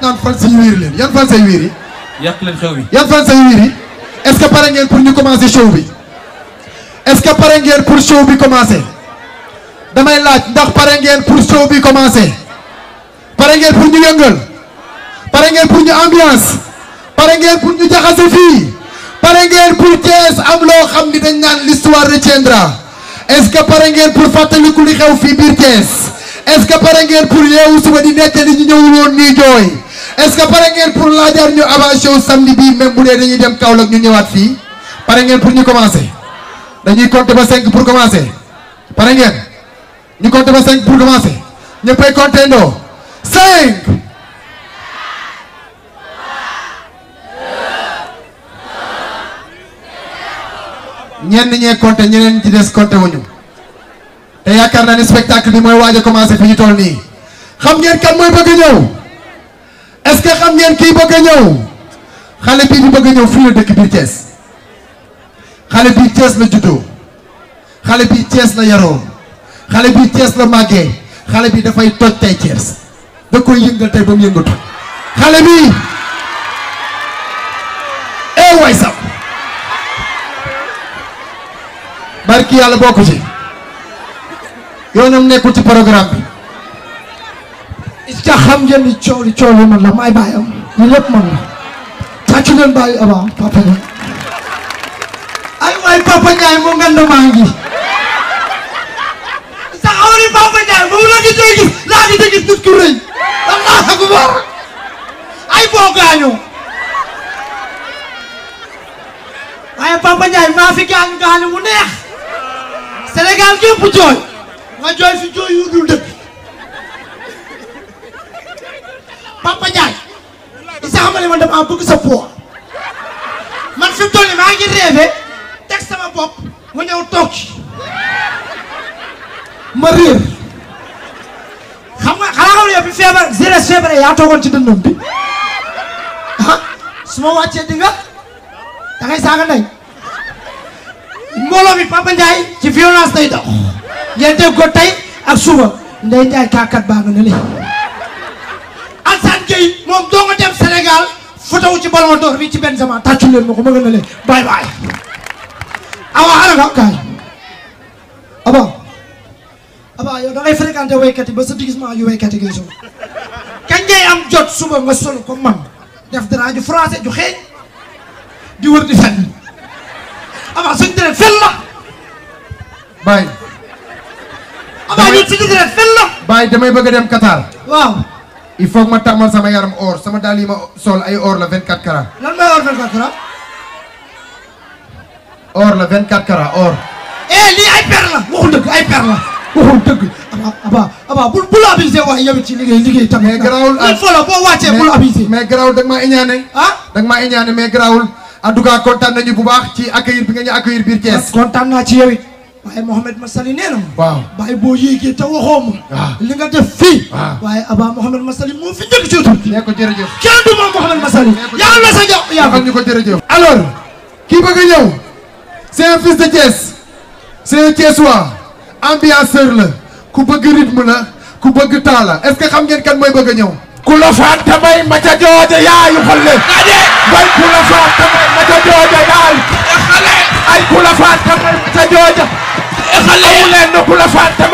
naan fan say wiir leen yan fan say wiir yi. yàq leen xew pare ngeen pour ñu commencer show bi est ce que pare ngeen pour show bi commencer damay laaj ndax pare ngeen pour show bi commencer pare ngeen pour ñu yëngal pare ngeen pour ñu ambiance pare ngeen pour ñu jaxase fii pare ngeen pour Thiès am loo xam ni dañ naan l'histoire retiendra est ce que pare ngeen pour fàttaliku li xew fii biir Thiès est pare ngeen pour yeewu suba di nettali ñu ñëwul woon nii jooy. est-ce que pare ngeen pour laajaat ñu avant show samedi bii même bu dee dañuy dem Kaolack ñu ñëwaat fii pare ngeen pour ñu commencer dañuy compter ba 5 pour commencer pare ngeen ñu compter ba 5 pour commencer ñëppay compter ndoo 5. ñenn ñee compter ñeneen ci des compter wuñu te yaakaar naa ne spectacle bi mooy waaj a commencer fi ñu toll nii xam ngeen kan mooy bëgg ñëw. est que xam ngeen kii bëgg a ñëw xale bii di bëgg a ñëw fii la dëkk biir Thiès xale bii Thiès la juddoo xale bii Thiès la yaroo xale màggee xale bi dafay toj tey Thiès da koy yëngal tey ba yëngatu xale bi eh waay sax barki yàlla bokku ci yoonam nekkul ci programme bi. xam ngeen ni coow li coow li man la maay bàyyam li lépp man la tàccu leen bàyyi papa Ndiaye ay waay papa Ndiaye moo ngand maa ngi sa papa Ndiaye moom laa ngi tey gis laa ngi tey gis ay boo gaañoo papa Ndiaye maa fi gaañu gaañu mu neex Sénégal gépp jooy nga jooy fi jooy yu dul ne ma damaa bëgg sa poids man fi mu toll maa ngi rêvé teg sama bopp mu ñëw toog ci ma réer xam nga xanaa xam nga bi feebar Zérès feebar yaa toogoon ci dëndam bi ah, su ma wàccee di nga da ndey mbooloo mi Papa Ndiaye ci violence day dox ngeen dégg ko tey ak suba Ndeye Ndiaye kàkkat baa nga ne leen Alassane moom doo nga dem Sénégal. fotow ci ballon d'or bi ci Benzema tàccul leen ma ko ma gën a leen bye bye awa ana nga kaay aba aba yow da ngay fréquenté waykat yi ba sa déguisement yu waykat yi ngay sol kañ am jot suba nga sol ko def dara ju français ju xeeñ di wër di aba suñ deret fen la bàyyi aba ñun bëgg a dem Qatar il faut ma tàmmal sama yaram or sama daal yi ma sol ay or la 24 carats. lan mooy or 24 carats. or la 24 carats or. eh lii ay per la waxul dëgg ay per la waxul dëgg. aba bul bul abusé waaye ci liggéey liggéey tam. mais garaawul ah il faut la mais garaawul da nga maa iñaane. ah maa iñaane mais garaawul en tout cas kontaan nañu bu baax ci accueillir bi nga ñu accueillir biir Thiès. kontaan naa ci yow waaye Mouhamed Massaly nee na ma. boo yéegee te waxoo ah. li nga def fii. Ah. waaye Aba Mouhamed Massaly moo fi njëkk ci tur. kenn du moom Mouhamed Massaly. yàlla na sa jàpp yàlla. waxal ñu ko jërëjëf. alors kii bëgg a ñëw. c'est un fils de Thiès. c'est un Thiessois. ambianceur la. ku bëgg la. ku a ñëw. xulafa